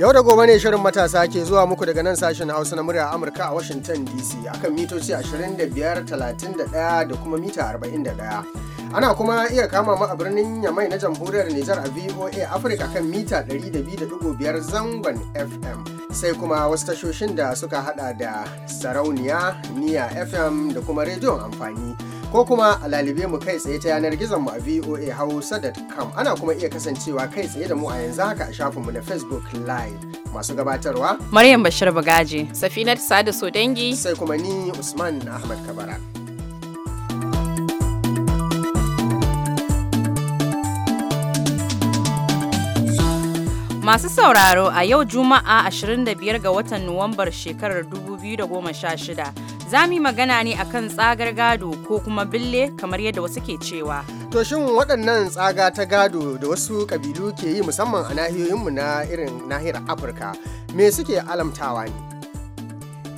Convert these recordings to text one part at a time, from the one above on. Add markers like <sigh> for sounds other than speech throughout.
Yau da gobe ne shirin matasa ke zuwa muku daga nan sashen Hausa na murya Amurka a Washington DC akan mitoci 25.31 da kuma mita 41. Ana kuma iya kama mu a birnin Yamai na jamhuriyar Nijar a VOA Africa kan mita 102.5 zangon FM. Sai kuma wasu tashoshin da suka hada da sarauniya, niya FM da kuma rediyon amfani. ko kuma a lalibe mu kai tsaye ta yanar gizon mu a voa hausa.com ana kuma iya kasancewa kai tsaye da mu a yanzu haka a shafinmu na facebook live masu gabatarwa maryam bashir bagaji safinat sada sodangi sai kuma ni usman ahmad kabara Masu sauraro a yau Juma'a 25 ga watan Nuwambar shekarar 2016 za mu yi magana ne a kan tsagar gado ko kuma bille kamar yadda wasu ke cewa. To shin waɗannan tsaga ta gado da wasu ƙabilu ke yi musamman a nahiyoyinmu na irin nahiyar Afirka me suke alamtawa ne?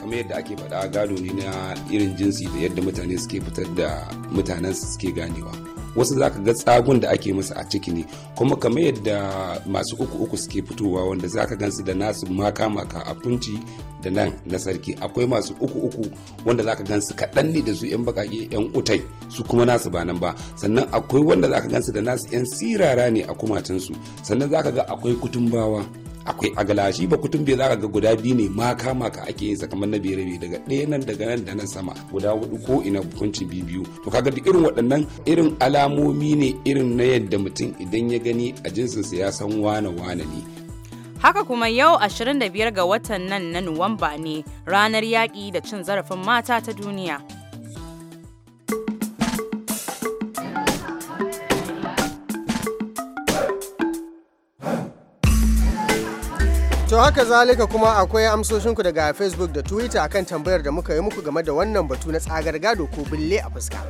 kamar yadda ake faɗa gado ne na irin jinsi da yadda mutane suke fitar da mutanen suke ganewa. wasu zaka ga tsagun da ake musu a ciki ne kuma kamar yadda masu uku uku suke fitowa wanda za ka gansu da nasu maka maka a kunci da nan na sarki akwai masu uku uku wanda za ka gansu kaɗan ne da su yan bakake yan utai su kuma nasu ba nan ba sannan akwai wanda za ka gansu da nasu yan sirara ne a kumatunsu sannan za ka ga akwai kutumbawa akwai a galashi ba kutun bai zaka ga guda biyu ne maka maka ake yin kamar na bere daga ɗaya nan daga nan da nan sama guda hudu ko ina hukuncin biyu to kaga duk irin waɗannan irin alamomi ne irin na yadda mutum idan ya gani a jinsinsa ya san wane wane ne Haka kuma yau 25 ga watan nan na Nuwamba ne ranar yaƙi da cin zarafin mata ta duniya. To haka zalika kuma akwai amsoshinku daga Facebook da Twitter akan tambayar da muka yi muku game da wannan batu na tsagar gado ko bille a fuska.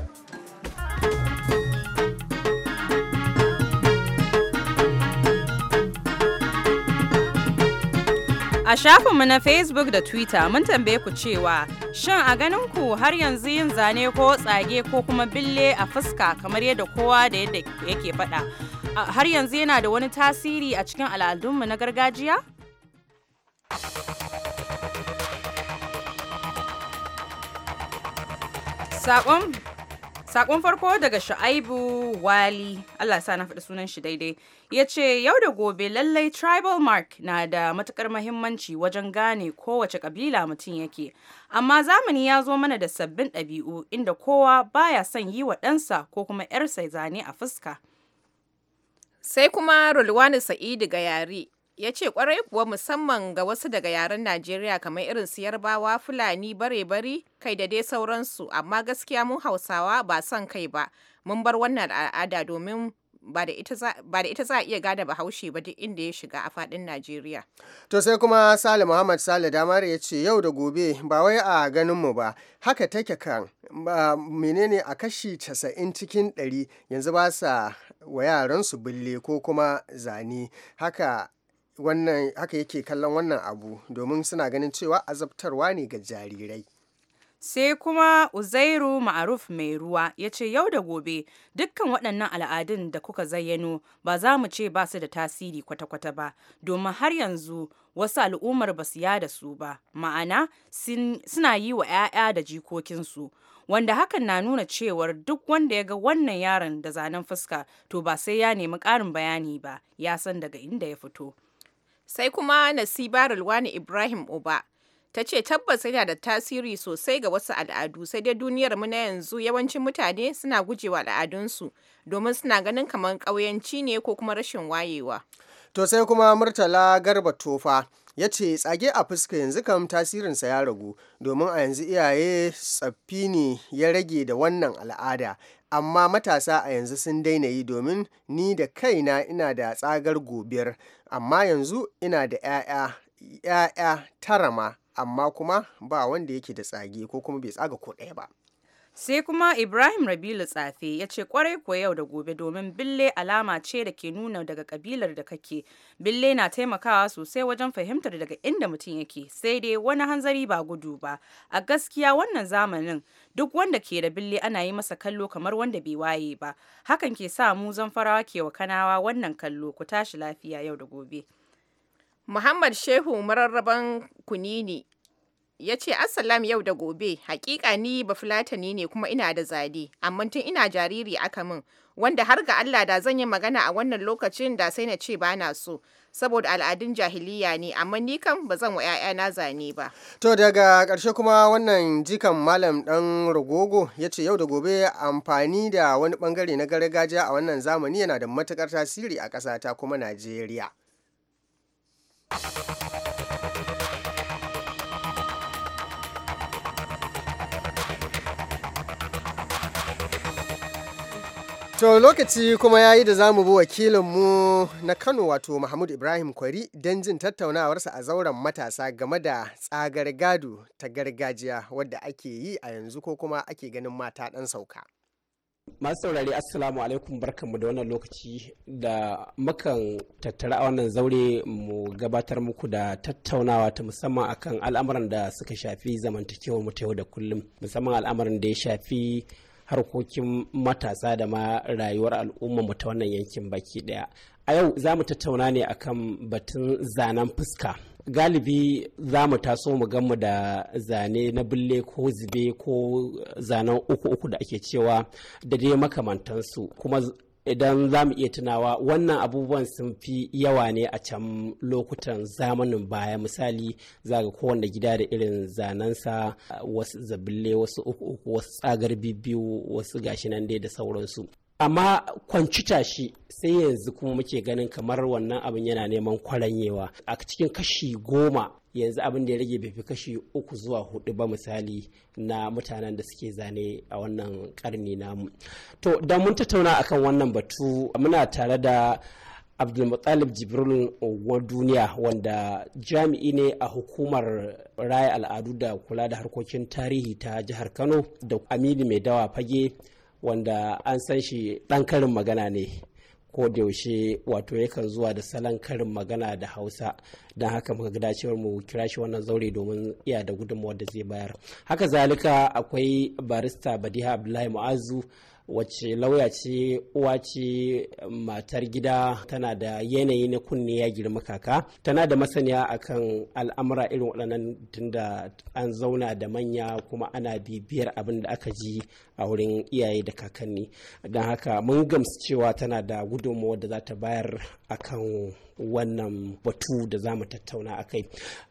A shafinmu na Facebook da Twitter mun tambaye ku cewa shin a ganin ku har yanzu yin zane ko tsage ko kuma bille a fuska kamar yadda kowa da yadda yake faɗa har yanzu yana da wani tasiri a cikin al'adunmu na gargajiya? Sakon Sakon farko daga Shu'aibu Wali, Allah sa na faɗi sunan shi daidai, ya ce yau da gobe lallai tribal mark na da matukar mahimmanci wajen gane kowace kabila mutum yake, amma zamani ya zo mana da sabbin ɗabi'u inda kowa baya son yi wa ɗansa ko kuma ‘yarsa zane a fuska. Sai kuma Rulwani sa'idi ga yare ya ce kwarai kuwa musamman ga wasu daga yaren najeriya kamar irin su yarbawa fulani bare bari kai da dai sauransu amma gaskiya mun hausawa ba son kai ba mun bar wannan al'ada domin ba da ita za a iya gada bahaushe ba duk inda ya shiga a fadin Najeriya. To sai kuma Sale Muhammad Sale Damar ya ce yau da gobe ba wai a ganin mu ba haka take kan menene a kashi casa'in cikin ɗari yanzu ba sa wa yaransu bille ko kuma zane haka wannan haka yake kallon wannan abu domin suna ganin cewa azabtarwa ne ga jarirai sai kuma uzairu ma'aruf mai ruwa ya ce yau da gobe dukkan waɗannan al'adun da kuka zayyano ba za mu ce ba su da tasiri kwata-kwata ba domin har yanzu wasu al'ummar ba su yada su ba ma'ana suna yi wa 'ya'ya da jikokinsu wanda hakan na nuna cewar duk wanda ya ga wannan yaron da zanen fuska to ba sai ya nemi ƙarin bayani ba ya san daga inda ya fito Sai kuma Nasiba Rulwani Ibrahim Uba ta ce tabbas yana da tasiri sosai ga wasu al'adu sai dai duniyar mu na yanzu yawancin mutane suna gujewa al'adunsu domin suna ganin kamar ƙauyanci ne ko kuma rashin wayewa. To sai kuma Murtala Garba Tofa ya ce tsage a fuska yanzu kam tasirinsa ya ragu domin a yanzu iyaye tsaffi ne ya rage da wannan al'ada amma matasa a yanzu sun daina yi domin ni da kaina ina da tsagar gobiyar amma yanzu ina da 'ya'ya 'ya'ya tara ma amma kuma ba wanda yake da tsage ko kuma bai tsaga ko ɗaya ba sai kuma ibrahim rabilu tsafe ya ce kwarai kuwa yau da gobe domin bille alama ce da ke nuna daga kabilar da kake bille na taimakawa sosai wajen fahimtar daga inda mutum yake sai dai wani hanzari ba gudu ba a gaskiya wannan zamanin duk wanda ke da bille ana yi masa kallo kamar wanda bai waye ba hakan ke sa mu zamfarawa ke wa kanawa wannan kallo ku tashi lafiya yau da gobe muhammad shehu mararraban kunini ya ce Assalam yau da gobe, hakika ni ba fulatani ne kuma ina da zade, amma tun ina jariri aka min, wanda har ga Allah da zan yi magana a wannan lokacin da sai na ce bana so. saboda al'adun jahiliya ne amma ni kan ba zan wa 'ya'yana zane ba. To daga karshe kuma wannan jikan malam dan rogogo ya ce yau da gobe amfani da wani bangare na gargajiya a wannan zamani yana da matukar tasiri a ƙasata kuma Najeriya. To lokaci kuma ya yi da za mu bi wakilinmu na Kano wato Mahmud Ibrahim Kwari don jin tattaunawarsa a zauren matasa game da tsagar gado ta gargajiya wadda ake yi a yanzu ko kuma ake ganin mata ɗan sauka. masu saurari assalamu alaikum barkanmu da wannan lokaci da mukan tattara a wannan zaure mu gabatar muku da tattaunawa ta musamman akan al'amuran da suka shafi zamantakewar mu ta yau da kullum musamman al'amuran da ya shafi harkokin matasa da ma rayuwar al'umma mu ta wannan yankin baki daya a yau za mu tattauna ne akan batun zanen fuska galibi za mu taso mu mu da zane na bulle ko zube ko zanen uku uku da ake cewa da dai makamantansu kuma idan za mu iya tunawa wannan abubuwan sun fi yawa ne a can lokutan zamanin baya misali zaga kowanne gida da irin zanensa wasu zabille wasu uku uku wasu tsagar biyu wasu gashi nan dai da sauransu amma kwancuta shi sai yanzu kuma muke ganin kamar wannan abin yana neman kwaranyewa a cikin kashi goma yanzu abin da ya rage bai fi kashi uku zuwa hudu ba misali na mutanen da suke zane a wannan karni namu to da mun tattauna akan wannan batu muna tare da abdulmutsalib jibril duniya wanda jami'i ne a hukumar raya al'adu da kula da harkokin tarihi ta jihar kano da aminu mai dawa fage wanda an san shi ɗan karin magana ne ko da yaushe wato yakan zuwa da salon karin magana da hausa don haka muka gada cewar mu kira shi wannan zaure domin iya da gudunmawar da zai bayar haka zalika akwai barista badiha abdullahi mu'azu wacce lauya ce uwa ce matar gida tana da yanayi na kunne ya girma kaka tana da masaniya akan al'amura irin waɗannan tunda an zauna da manya kuma ana bibiyar abin da aka ji a wurin iyaye da kakanni don haka mun gamsu cewa tana da gudunmu da za ta bayar akan wannan batu da za mu tattauna a kai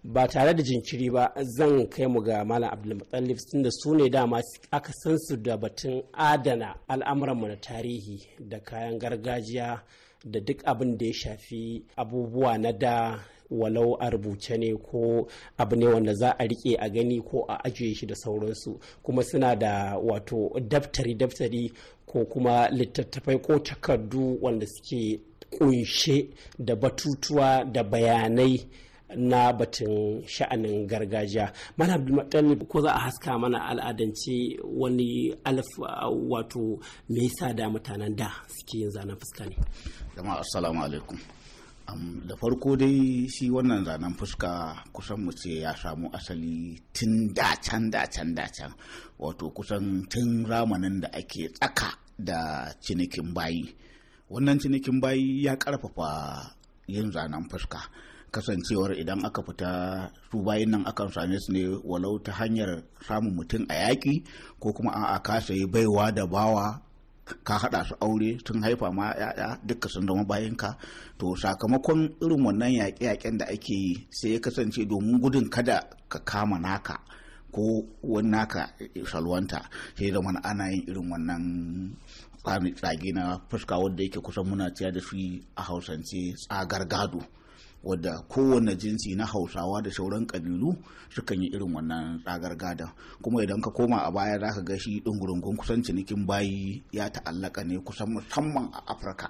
ba tare da jinkiri ba zan kai mu ga malam abdulmutallif da su ne dama aka san su da batun adana al'amuranmu na tarihi da kayan gargajiya da duk abin da ya shafi abubuwa na da walau a rubuce ne ko abu ne wanda za a rike a gani ko a ajiye shi da sauransu kuma suna da wato daftari daftari ko kuma littattafai ko takardu wanda suke kunshe da batutuwa da bayanai na batun sha'anin gargajiya mana abdulmatalib ko za a haska mana al'adance wani alif wato me yasa da mutanen da suke yin zanen fuska ne jama'a assalamu alaikum da farko dai shi wannan zanen fuska kusan mu ce ya samu asali tun dacen dacen dacen wato kusan tun ramanin da ake tsaka da cinikin bayi wannan cinikin bayi ya karfafa yin zanen fuska kasancewar idan aka fita su bayan nan akan same su ne walau ta hanyar samun mutum a yaƙi ko kuma a kasa yi baiwa da bawa ka haɗa su aure sun haifa ma ya'ya duka sun zama bayanka to sakamakon irin wannan yaƙe-yaƙen da ake yi sai ya kasance domin gudun kada ka kama naka ko wani naka salwanta sai zama ana yin irin wannan tsage na fuska wadda yake kusan muna ciya da shi a hausance tsagar gado wadda kowane jinsi na hausawa da sauran kabilu sukan yi irin wannan tsagar gada kuma idan ka koma a baya za ka ga shi ɗungurungun kusan cinikin bayi ya ta'allaka ne kusan musamman a afirka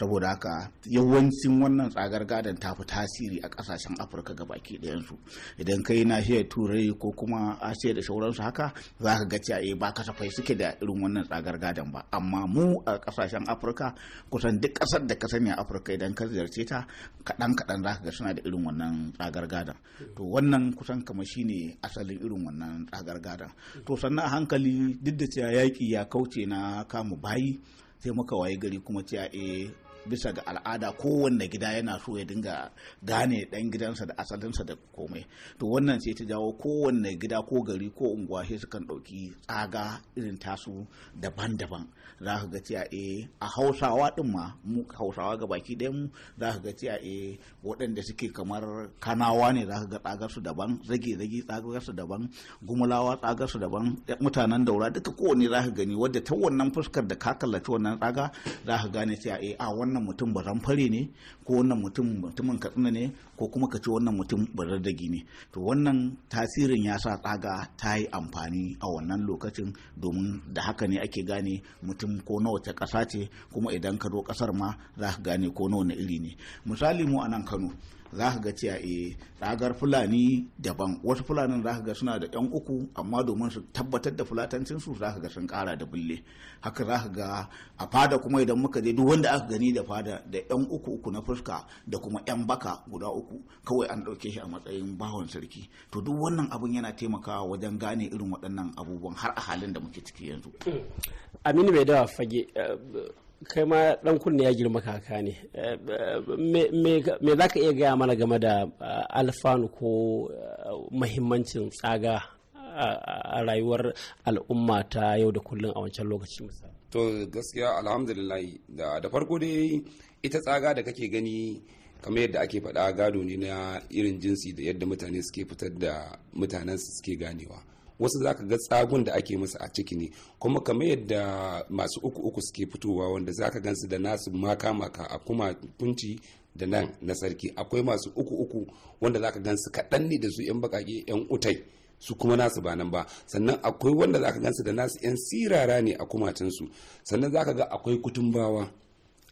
saboda haka yawancin wannan tsagar gadon ta fi tasiri a kasashen afirka ga baki ɗayansu idan kai nahiyar turai ko kuma asiya da sauransu haka za ka ga ciyaye eh, ba kasafai suke da irin wannan tsagar gadon ba amma mu a kasashen afirka kusan duk kasar da ka sani a afirka idan ka ziyarce ta kaɗan kaɗan za ka ga suna da irin wannan tsagar gadon to wannan kusan kama shine asalin irin wannan tsagar gadon to sannan a hankali duk da cewa yaƙi ya kauce na kamu bayi sai muka waye gari kuma cewa eh, bisa ga al'ada kowanne gida yana so ya dinga gane dan gidansa da asalinsa da komai to wannan sai ta jawo kowanne gida ko gari ko unguwa sai sukan ɗauki tsaga irin tasu daban-daban za ka ga cewa eh a hausawa din ma mu hausawa ga baki ɗayan mu za ka ga cewa eh waɗanda suke kamar kanawa ne za ka ga tsagar su daban zage zage tsagar su daban gumulawa tsagar su daban eh, mutanen daura duka kowanne za ka gani wadda ta wannan fuskar da ka kallaci wannan tsaga za ka gane cewa eh a wannan wannan mutum ba fare ne ko wannan mutum mutumin katsina ne ko kuma ka ce wannan mutum barardagi ne to wannan tasirin ya sa tsaga ta yi amfani a wannan lokacin domin da haka ne ake gane mutum ko na wace kasa ce kuma idan ka zo kasar ma za ka gane ko na iri ne misali mu a nan kano za ka ga cewa eh ragar fulani daban wasu fulanin za ka ga suna da yan uku amma domin su tabbatar da fulatancin su za ka ga sun kara da bulle haka za ka ga a fada kuma idan muka je duk wanda aka gani da fada da yan uku uku na fuska da kuma yan baka guda uku kawai an dauke shi a matsayin bawan sarki to duk wannan abun yana taimakawa wajen gane irin waɗannan abubuwan har a halin da muke ciki yanzu aminu bai dawa fage eh, kai ma dan kunne ya girma kaka ne me za ka iya gaya mana game da eh, alfanu ko eh, mahimmancin tsaga a rayuwar al'umma ta yau da kullum a wancan lokaci to gaskiya alhamdulillah da farko dai ita tsaga da kake gani kamar yadda ake faɗa gado ne na irin jinsi da yadda mutane suke fitar da mutanen suke ganewa wasu za ka ga tsagun da ake musu a ciki ne kuma kamar yadda masu uku uku suke fitowa wanda za ka gansu da nasu maka maka a kuma kunci da nan na sarki akwai masu uku uku wanda za ka gansu kaɗan ne da su 'yan bakaƙe 'yan utai su kuma nasu ba nan ba sannan akwai wanda za ka gansu da nasu 'yan sirara ne a kumatinsu sannan za ka ga akwai kutumbawa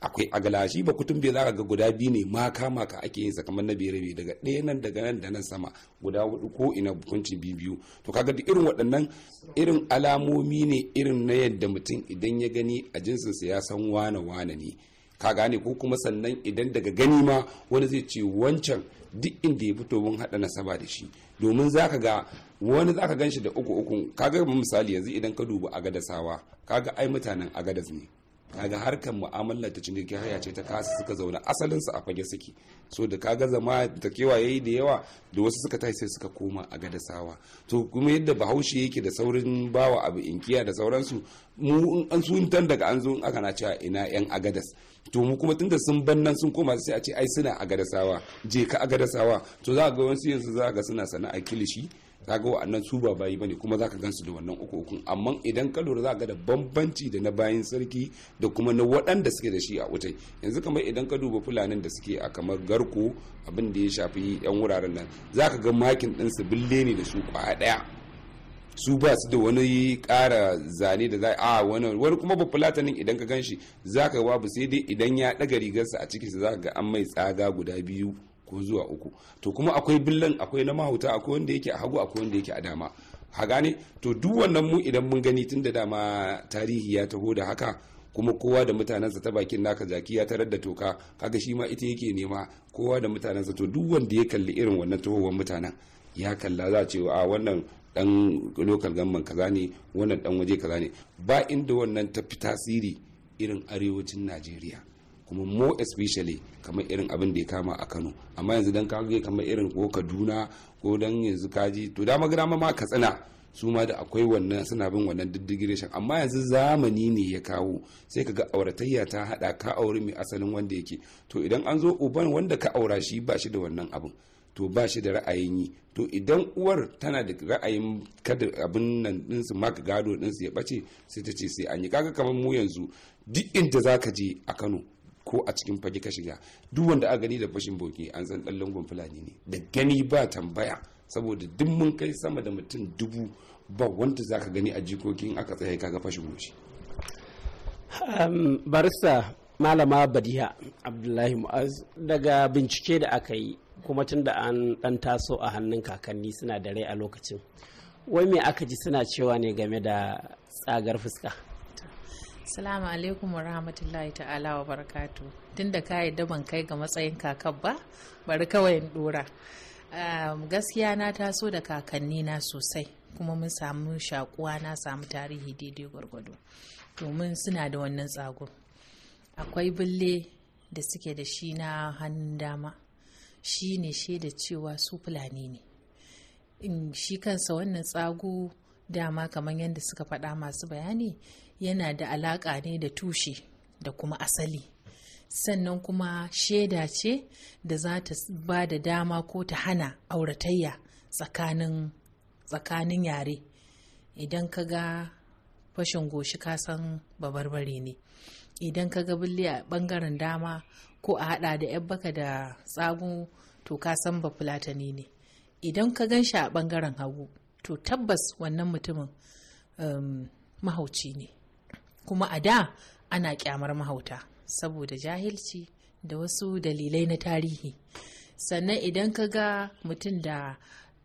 akwai a galashi ba kutun bai zaka ga guda biyu ne maka maka ake yin kamar na bere daga ɗaya nan daga nan da nan sama guda hudu ko ina hukuncin biyu to kaga duk irin waɗannan irin alamomi ne irin na yadda mutum idan ya gani a jinsinsa ya san wane wane ne ka gane ko kuma sannan idan daga gani ma wani zai ce wancan duk inda ya fito mun haɗa nasaba da shi domin zaka ga wani zaka gan shi da uku uku kaga misali yanzu idan ka duba agadasawa kaga ai mutanen agadas ne kaga harkar mu'amalar ta ciniki haya ce ta kasa suka zauna asalin su a fage suke so da kaga zama ta kewaye da yawa da wasu suka tashi sai suka koma a gadasawa to kuma yadda bahaushe yake da saurin bawa abu inkiya da sauransu mu an sun tan daga an zo aka na cewa ina yan agadas to mu kuma tunda sun ban nan sun koma sai a ce ai suna agadasawa je ka agadasawa to za ga wasu yanzu za ga suna sana'a kilishi kaga wa'annan su ba bayi bane kuma zaka gansu da wannan uku ukun amma idan ka lura zaka ga da bambanci da na bayan sarki da kuma na waɗanda suke da shi a wutai yanzu kamar idan ka duba fulanin da suke a kamar garko abin da ya shafi yan wuraren nan zaka ga makin su bille ne da su kwa ɗaya su ba su da wani ƙara zane da za a wani wani kuma ba fulatanin idan ka gan shi za ka babu sai dai idan ya ɗaga rigarsa a cikinsa za ka ga an mai tsaga guda biyu ko zuwa uku to kuma akwai billan akwai na mahauta akwai wanda yake a hagu akwai wanda yake a dama ha gane to duk wannan mu idan mun gani tun da dama tarihi ya taho da haka kuma kowa da mutanensa ta bakin naka zaki ya tarar da toka kaga shi ma ita yake nema kowa da mutanensa to duk wanda ya kalli irin wannan tahowar mutanen ya kalla za ce a wannan dan lokal gamman kaza ne wannan dan waje kaza ne ba inda wannan ta fi tasiri irin arewacin najeriya kuma mo especially kamar irin abin da ya kama a kano amma yanzu dan kage kamar irin ko kaduna ko dan yanzu kaji to dama dama ma katsina su ma da akwai wannan suna bin wannan diddigin shan amma yanzu zamani ne ya kawo sai ka ga auratayya ta hada ka auri mai asalin wanda yake to idan an zo uban wanda ka aura shi ba shi da wannan abin to ba shi da ra'ayin yi to idan uwar tana da ra'ayin kada abin nan dinsu maka gado dinsu ya bace sai ta ce sai an yi kaga kamar mu yanzu duk inda za ka je a Kano ko a cikin fage ka shiga duk wanda a gani da fashin boki an san dan langon fulani ne da gani ba tambaya saboda duk mun kai sama da mutum dubu ba wanda zaka gani a jikokin aka tsaye kaga fashin boki um, barista malama badiha abdullahi mu'az daga bincike da aka yi kuma tun da an dan taso a hannun kakanni suna da rai a lokacin wai me aka ji suna cewa ne game da tsagar fuska Salamu alaikum wa rahmatullahi ta'ala wa barakatu. Tun da ka daban ban kai ga matsayin kakab ba, bari kawai dora. gaskiya na taso da kakanni na sosai kuma mun samu shakuwa na samu tarihi daidai gwargwado domin suna da wannan tsago akwai bulle da suke da shi na hannun dama shi ne shaida cewa su fulani ne in shi kansa wannan tsago dama kamar yadda suka faɗa masu bayani yana da alaƙa ne da tushe da kuma asali sannan kuma shaida ce da za ta ba da dama ko ta hana auratayya tsakanin yare idan ka ga fashin goshi ka san babarbare ne idan ka ga billi a bangaren dama ko a hada da yan baka da tsago to ka san ba fulatani ne idan ka gan shi a bangaren hagu to tabbas wannan mutumin um, mahauci ne kuma a da ana kyamar mahauta saboda jahilci da wasu dalilai na tarihi sannan idan ka ga mutum da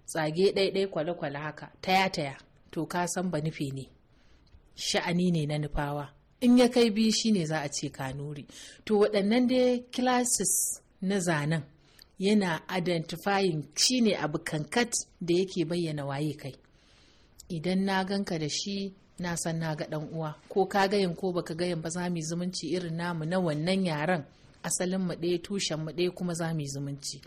tsage ɗaiɗai kwale-kwale haka taya-taya to ka san ba nufi ne sha'ani ne na nufawa in ya kai biyu ne za a ce kanuri to waɗannan dai classes na zanen yana identifying ne abu kankat da yake bayyana waye kai idan na ganka da shi na san na ga dan uwa ko ka gayin ko baka gayin ba za mu zumunci irin namu na wannan yaren asalin mu ɗaya tushen mu ɗaya kuma za mu zumunci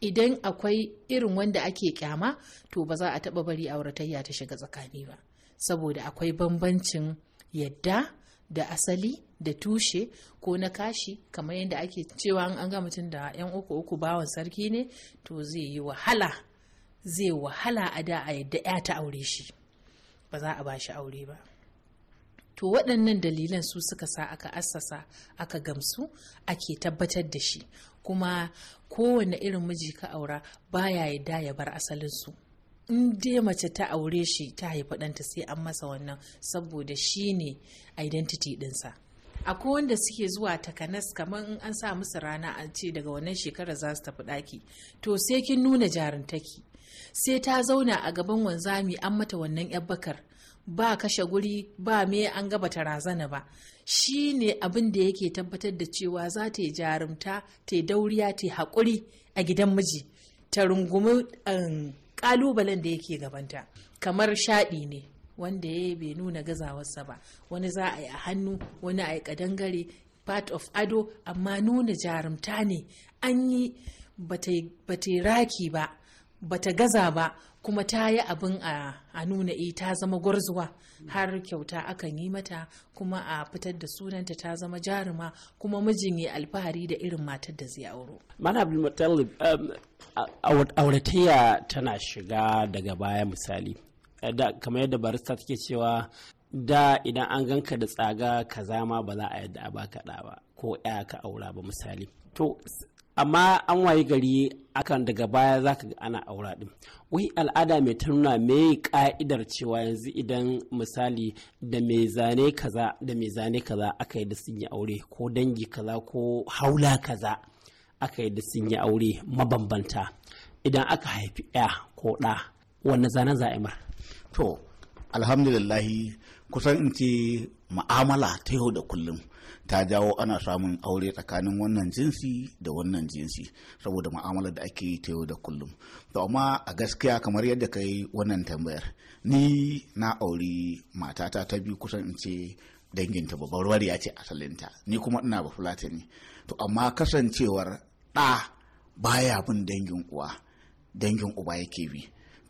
idan akwai irin wanda ake kyama to ba za a taba bari auratayya ta shiga tsakani ba saboda akwai bambancin yadda da asali da tushe ko na kashi kamar yadda ake cewa an ga mutum da yan uku uku bawan sarki ne to zai yi wahala zai wahala a da a yadda ya ta aure shi ba za a ba shi aure ba to waɗannan dalilan su suka sa aka assasa aka gamsu ake tabbatar da shi kuma kowane irin miji ka aura baya yadda ya bar asalinsu in dai mace ta aure shi ta haifi ɗanta sai an masa wannan saboda shi ne identity ɗinsa akwai wanda suke zuwa takanas kamar in an sa musu rana a ce daga wannan shekarar za su tafi ɗaki to sai kin nuna jarintaki sai ta zauna a gaban wanzami an mata wannan yar bakar ba kashe guri ba me an gaba ta razana ba shi ne abin da yake tabbatar da cewa za ta yi jarumta ta yi dauriya ta yi haƙuri a gidan miji ta rungumi um, ƙalubalen da yake gabanta kamar shaɗi ne wanda ya bai nuna gazawarsa ba wani za a yi a hannu wani a yi kadangare part of ado amma nuna jarumta ne an yi bata yi raki ba bata gaza ba kuma ta yi abin a nuna e ta zama gwarzuwa har kyauta akan yi mata kuma a fitar da sunanta ta zama jaruma kuma mijin ya alfahari da irin matar da zai auro. Mana matalib um, auratayya tana shiga daga baya misali. Eh, kamar yadda barista take cewa da idan an ganka da tsaga kaza ma ba za a yadda a baka da ba ko ya ka aura ba misali. To amma an wayi gari akan daga baya za ka ana aura din wai al'ada mai ta nuna mai ka'idar cewa yanzu idan misali da mai zane kaza da mai zane kaza aka yi da sun yi aure ko dangi kaza ko haula kaza aka yi da sun yi aure mabambanta idan aka haifi ɗaya ko ɗa wanne zane za a yi to alhamdulillahi kusan in ce ma'amala ta yau da kullum ta jawo ana samun aure tsakanin wannan jinsi da wannan jinsi saboda ma'amala da ake ta yau da kullum to amma a gaskiya kamar yadda ka yi wannan tambayar ni na auri matata ta biyu kusan in ce danginta babbar wariya ce asalinta ni kuma ina ba fulatani to amma kasancewar ɗa baya bin dangin uwa dangin uba yake bi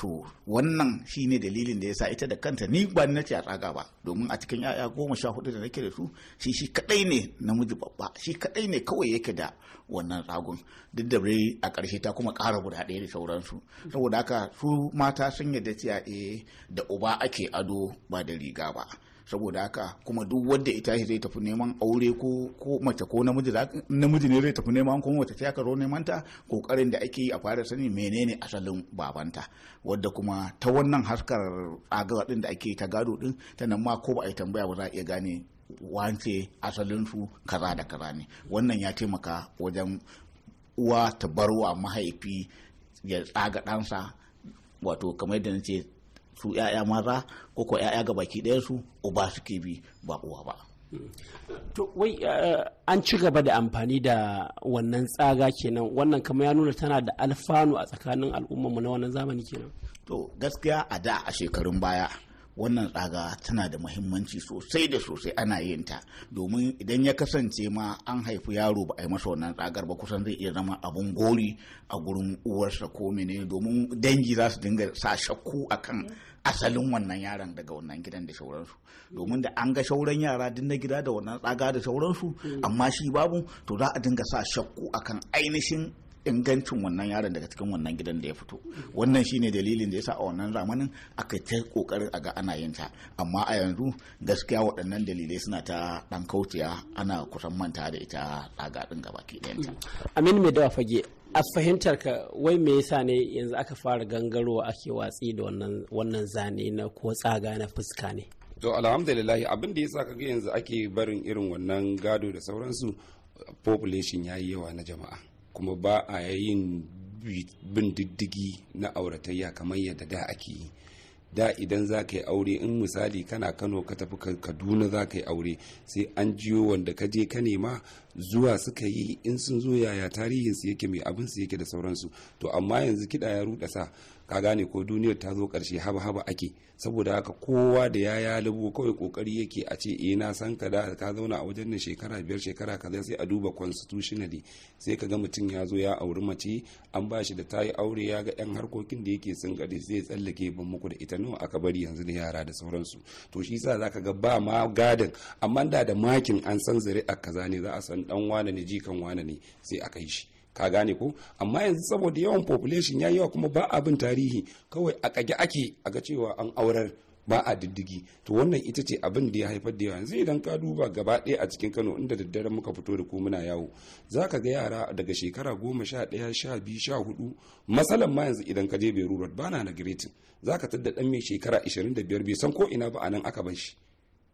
to wannan shi ne dalilin da ya sa ita da kanta ni ba ni ce a tsaga ba domin a cikin yaya goma sha hudu da nake da su shi shi kadai ne namiji babba shi kadai ne kawai yake da wannan tsagun duk da bai a ƙarshe ta kuma ƙara guda ɗaya da sauransu saboda haka su mata sun yadda cewa eh da uba ake ado ba da riga ba saboda haka kuma duk wanda ita zai tafi neman aure ko ko mace ko namiji namiji ne zai tafi neman kuma mace ta karo zo neman ta kokarin da ake yi a fara sani menene asalin babanta wadda kuma ta wannan haskar tsagawa din da ake ta gado din ta nan ma ko ba a yi tambaya ba za a iya gane wance su kaza da kaza ne wannan ya taimaka wajen uwa ta barwa mahaifi ya tsaga ɗansa wato kamar yadda nace su 'ya'ya maza ko ko 'ya'ya ga baki ɗaya su uba suke bi ba uwa ba to wai eh, an ci gaba da amfani da wannan tsaga kenan wannan kamar ya nuna tana da alfanu a tsakanin al'ummarmu na wannan zamani kenan to gaskiya a da a shekarun baya wannan tsaga tana da muhimmanci sosai da sosai ana yin ta domin idan ya kasance ma an haifi yaro ba a yi masa wannan tsagar ba kusan zai iya zama abun gori a gurin uwarsa ko mene domin dangi za su dinga sa shakku akan asalin wannan yaran daga wannan gidan da shauransu domin da an ga shauran yara din na gida da wannan tsaga da shauransu mm. amma shi babu to za a dinga sa shakku akan ainihin ingancin wannan yaron daga cikin wannan gidan da ya fito wannan shine dalilin da yasa a wannan zamanin aka ta kokarin a ga ana yin ta amma a yanzu gaskiya waɗannan dalilai suna ta ɗan kautiya ana kusan manta da ita daga din gaba ke ɗayanta amin mai dawa fage a fahimtar ka wai me yasa ne yanzu aka fara gangarowa ake watsi da wannan wannan zane na ko tsaga na fuska ne to alhamdulillah abin da yasa kaga yanzu ake barin irin wannan gado da sauransu population yayi yawa na jama'a kuma ba a yin bin diddigi na auratayya kamar yadda da ake yi da idan za ka yi aure in misali kana kano ka tafi kaduna za ka yi aure sai an jiyo wanda ka je ka nema zuwa suka yi in sun zo yaya tarihinsu yake mai abinsu yake da sauransu to amma yanzu kiɗa ya ruɗa sa ka gane ko duniyar ta zo karshe haba haba ake saboda haka kowa da ya ya lubu kawai kokari yake a ce eh na san ka da ka zauna a wajen nan shekara biyar shekara kaza sai a duba constitutionally sai ka ga mutum ya zo ya auri mace an ba shi da ta yi aure ya ga yan harkokin da yake sun gade zai tsallake ban muku da ita nawa aka bari yanzu da yara da sauransu to shi yasa zaka ga ba ma gadin amma da da makin an san zuri'a kaza ne za a san dan wane ne jikan wane ne sai a kai shi ka gane ko amma yanzu saboda yawan population ya yawa kuma ba abin tarihi kawai a kage ake a ga cewa an aurar ba a diddigi to wannan ita ce abin da ya haifar da yawa yanzu idan ka duba gaba ɗaya a cikin kano inda daddare muka fito da ku muna yawo za ka ga yara daga shekara goma sha ɗaya sha biyu sha hudu matsalan ma yanzu idan ka je beirut ba na na za ka tadda ɗan mai shekara ashirin da biyar bai san ko ina ba a nan aka bar shi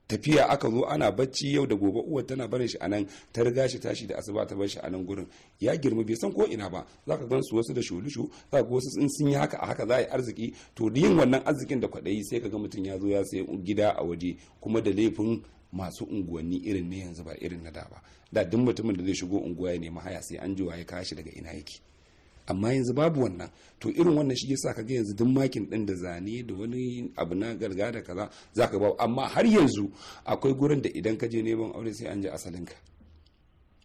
tafiya aka zo ana bacci yau da gobe uwar tana barin shi anan ta riga shi tashi da asuba ta bar shi anan gurin ya girma bai san ko ina ba zaka gan su wasu da shulushu za ka wasu in sun yi haka a haka za a yi arziki to yin wannan arzikin da kwaɗayi sai ka ga mutum ya zo ya sayi gida a waje kuma da laifin masu unguwanni irin ne yanzu ba irin na da ba da duk mutumin da zai shigo unguwa ya nemi haya sai an ji ya kashi daga ina yake amma yanzu babu wannan to irin wannan shi yasa kaga yanzu duk makin din da zane da wani abu na garga da kaza zaka ba amma har yanzu akwai gurin da idan ka je neman aure sai an ji asalin ka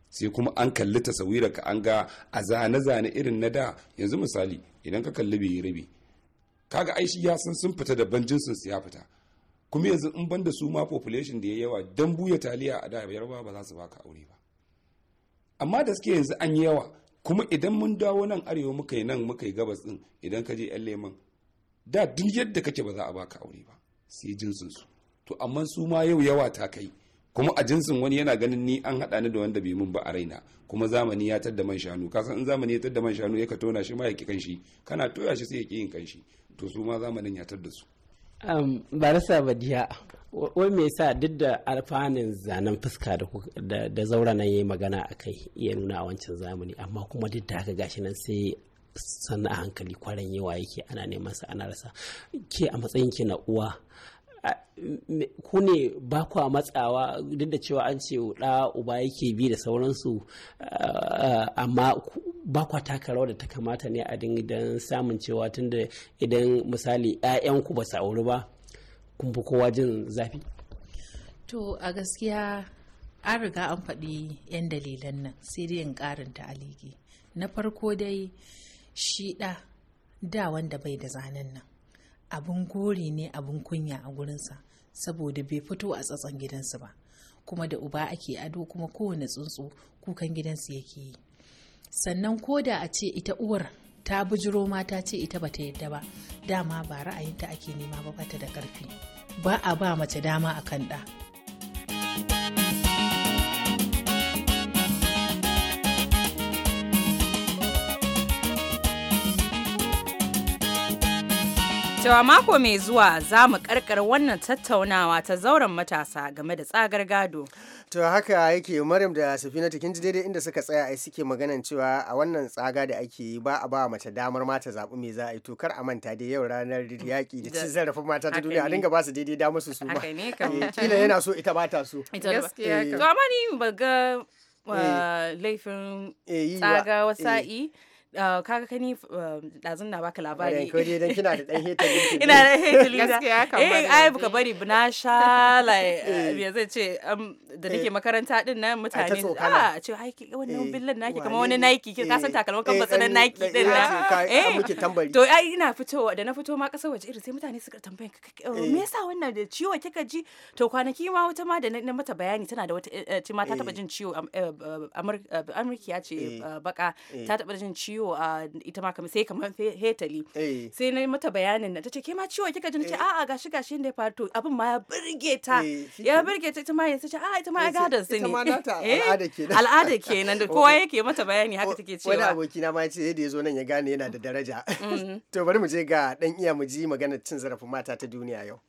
sai kuma an kalli tasawira ka an ga a zane zane irin na da yanzu misali idan ka kalli bai rabi kaga ai shi ya san sun fita da banjin sun ya fita kuma yanzu in ban da su ma population da ya yawa dan buya taliya a da yarba ba za su baka aure ba amma da suke yanzu an yi yawa kuma idan mun dawo nan arewa muka yi nan muka yi gabas din idan ka je yan leman da duk yadda kake ba za a baka aure ba sai jinsin su to amma su ma yau yawa ta kai kuma a jinsin wani yana ganin ni an haɗa ni da wanda bai mun ba a raina kuma zamani ya tadda man shanu Ka san in zamani ya tadda man shanu ya ka tona shi ma ya ki kanshi kana toya shi sai ya ki yin kanshi to su ma zamanin ya tadda su Um, barasa badiya wai me yasa duk da alfanun zanen fuska da zaura nan yayi magana a kai ya nuna a wancan zamani amma kuma duk da haka gashi nan sai sannu a hankali kwaran yawa yake ana neman sa ana rasa ke a matsayin ki na uwa ku ne ba a matsawa duk da cewa an ce da uba yake bi da sauransu amma ba kwa taka rawar da ta kamata ne a dan samun cewa tunda idan misali 'ya'yanku ba su auri ba kun fi kowa jin zafi to a gaskiya an riga an faɗi 'yan dalilan nan sai dai in ƙarin ta na farko dai shi ɗa da wanda bai da zanen nan abin gori ne abin kunya a gurinsa saboda bai fito a tsatson gidansu ba kuma da uba ake ado kuma kowane tsuntsu kukan gidansu yake yi sannan ko da a ce ita uwar ta bujiro mata ce ita bata yadda ba dama ba ra'ayinta ake nema ba bata da karfi ba a ba mace dama a kan ɗa Cewa mako mai zuwa za mu karkar wannan tattaunawa ta zauren matasa game da tsagar gado. to haka yake maryam da safina kin ji daidai inda suka tsaya ai suke maganan cewa a wannan tsaga da ake yi ba a ba mace damar mata zaɓi me za a yi to kar a manta dai yau ranar <laughs> yaƙi da cin zarafin mata ta duniya a dinga ba su daidai damar su su ba eh, kila yana so ita ba ta so eh. to amma ni ba ga eh. laifin tsaga wasa'i Ah, kaga kani ah, ɗazun na baka labari ko dai dan kina da dan heta <laughs> ina da heta lida eh ai buka bari na sha like <laughs> eh. me zai ce da nake eh. makaranta din nan mutane a ah, ce ai wannan eh, billan naki kamar wani Nike ka san takalman kan batsanan Nike din na eh to ai ina fitowa da na fito ma kasar waje irin sai mutane suka tambaye oh, me yasa wannan da ciwo kika ji to kwanaki ma wata ma da na mata bayani tana da wata ce ma ta taba jin ciwo amurkiya ce baka ta taba jin ciwo ciwo a ita ma kamar sai kamar hetali eh. sai na mata bayanin nan tace ke ma ciwo kika ji a eh. a'a gashi gashi inda ya faru to abin ma ya burge ta eh, ya burge ta ita ma yanzu ce a'a ita ma ya gadon su ne ita ma <laughs> al'ada kenan al'ada kenan da kowa <laughs> yake mata bayani haka take cewa wani aboki na ma yace da yazo nan ya gane yana da daraja mm-hmm. <laughs> to bari mu je ga dan iya mu ji maganar cin zarafin mata ta duniya yau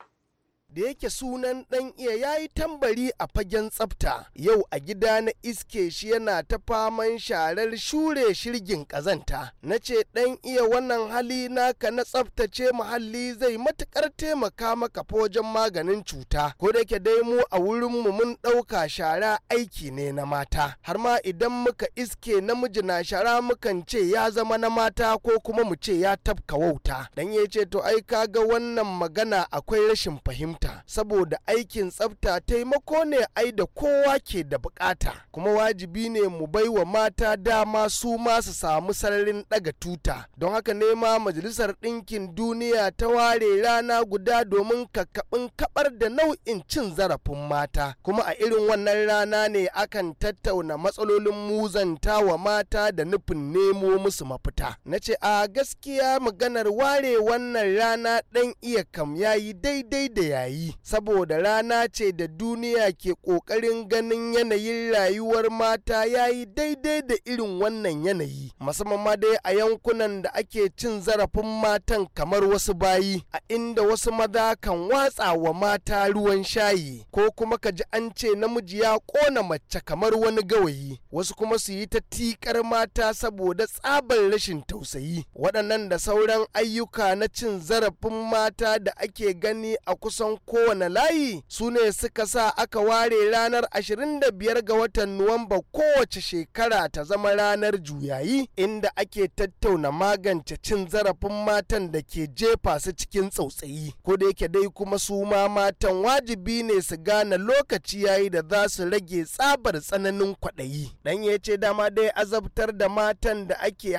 da yake sunan ɗan iya ya yi tambari a fagen tsafta yau a gida na iske shi yana ta faman sharar shure shirgin ƙazanta na ce ɗan iya wannan hali naka na tsaftace muhalli zai matuƙar taimaka maka fojan maganin cuta ko da yake dai mu a wurinmu mun ɗauka shara aiki ne na mata har ma idan muka iske namiji na shara mukan ce ya zama na mata ko kuma mu ce ya tafka wauta dan ya ce to ai kaga wannan magana akwai rashin fahimta tsafta saboda aikin tsafta taimako ne ai da kowa ke da bukata kuma wajibi ne mu bai wa mata dama su ma su samu sararin daga tuta don haka ne ma majalisar ɗinkin duniya ta ware rana guda domin kakkaɓin kabar da nau'in cin zarafin mata kuma a irin wannan rana ne akan tattauna matsalolin muzanta wa mata da nufin nemo musu mafita na ce a gaskiya maganar ware wannan rana ɗan iya kam yayi daidai da yayi yi saboda rana ce da duniya ke ƙoƙarin ganin yanayin rayuwar mata ya yi daidai da irin wannan yanayi musamman ma dai a yankunan da ake cin zarafin matan kamar wasu bayi a inda wasu maza kan watsa wa mata ruwan shayi ko kuma ka ji an ce namiji ya ƙona mace kamar wani gawayi wasu kuma su yi ta tikar mata saboda tsabar rashin tausayi waɗannan da sauran ayyuka na cin zarafin mata da ake gani a kusan kowane layi su ne suka sa aka ware ranar 25 ga watan Nuwamba kowace shekara ta zama ranar juyayi inda ake tattauna magance cin zarafin matan da ke jefa su cikin tsautsayi. Ko da yake dai kuma su ma matan wajibi ne su gane lokaci yayi da za su rage tsabar tsananin kwaɗayi. Dan ya ce dama dai azabtar da matan da ake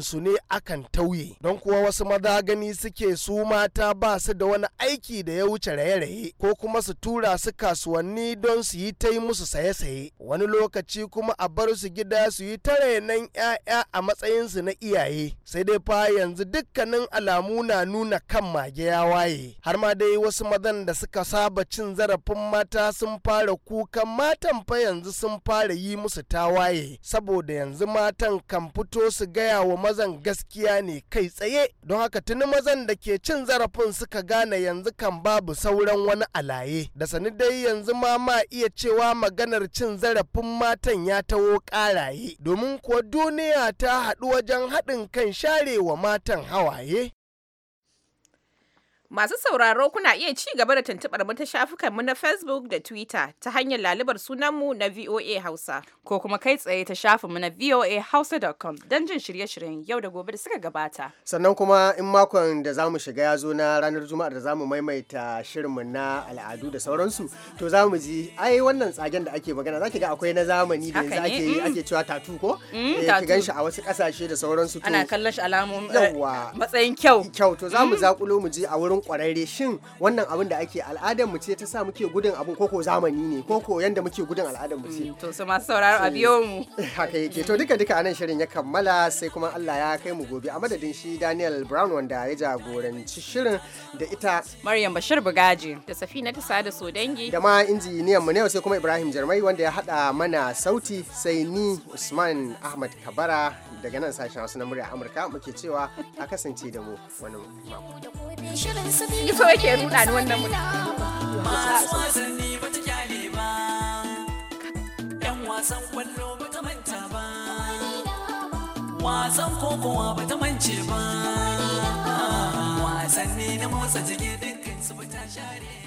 su ne akan tauye. Don kuwa wasu maza gani suke su mata ba su da wani aiki da ya wuce raye-raye ko kuma su tura su kasuwanni don su yi ta yi musu saye-saye wani lokaci kuma a bar su gida su yi ta nan 'ya'ya a matsayin su na iyaye sai dai fa yanzu dukkanin alamu na nuna kan mage ya waye har ma dai wasu mazan da suka saba cin zarafin mata sun fara kukan matan fa yanzu sun fara yi musu ta waye saboda yanzu matan kan fito su gaya wa mazan gaskiya ne kai tsaye don haka tuni mazan da ke cin zarafin suka gane yanzu kan babu sauran wani alaye da sani dai yanzu ma ma iya cewa maganar cin zarafin matan ya tawo karaye domin kuwa duniya ta haɗu wajen haɗin kan sharewa matan hawaye Masu sauraro kuna iya ci gaba da tuntubar mu ta shafukanmu na Facebook da Twitter ta hanyar lalubar sunanmu na VOA Hausa. Ko kuma kai tsaye ta shafinmu na voahausa.com don jin shirye-shiryen yau da gobe da suka gabata. Sannan kuma in makon da za mu shiga ya zo na ranar Juma'a da za mu maimaita shirinmu na al'adu da sauransu, to za mu ji ai wannan tsagen da ake magana za ki ga akwai na zamani da yanzu ake yi mm. ake cewa tatu ko? Mm, eh, ki gan shi a wasu ƙasashe da sauransu. Ana kallon shi alamun eh, matsayin kyau. Kyau to za mu mm. zaƙulo mu ji a wurin kwararre shin wannan abin da ake al'adar mu ce ta sa muke gudun abin koko zamani ne koko yanda muke gudun al'adar mu ce mm, to su masu sauraro a biyo mu <laughs> haka yake to duka duka anan shirin ya kammala sai kuma Allah ya kai mu gobe a madadin shi Daniel Brown wanda ya jagoranci shirin da ita Maryam Bashir Bugaji da Safina Tisa da Sodangi da ma injiniyan mu ne sai kuma Ibrahim Jarmai wanda ya hada mana sauti sai ni Usman Ahmad Kabara daga nan sashen wasu na murya Amurka muke cewa a kasance da mu wani mako. ni so yake ruɗa ni wannan mutum wasan kwallo ba ta manta ba wasan kokowa ba ta mance ba wasanni na motsa jiki dukkan su ba ta share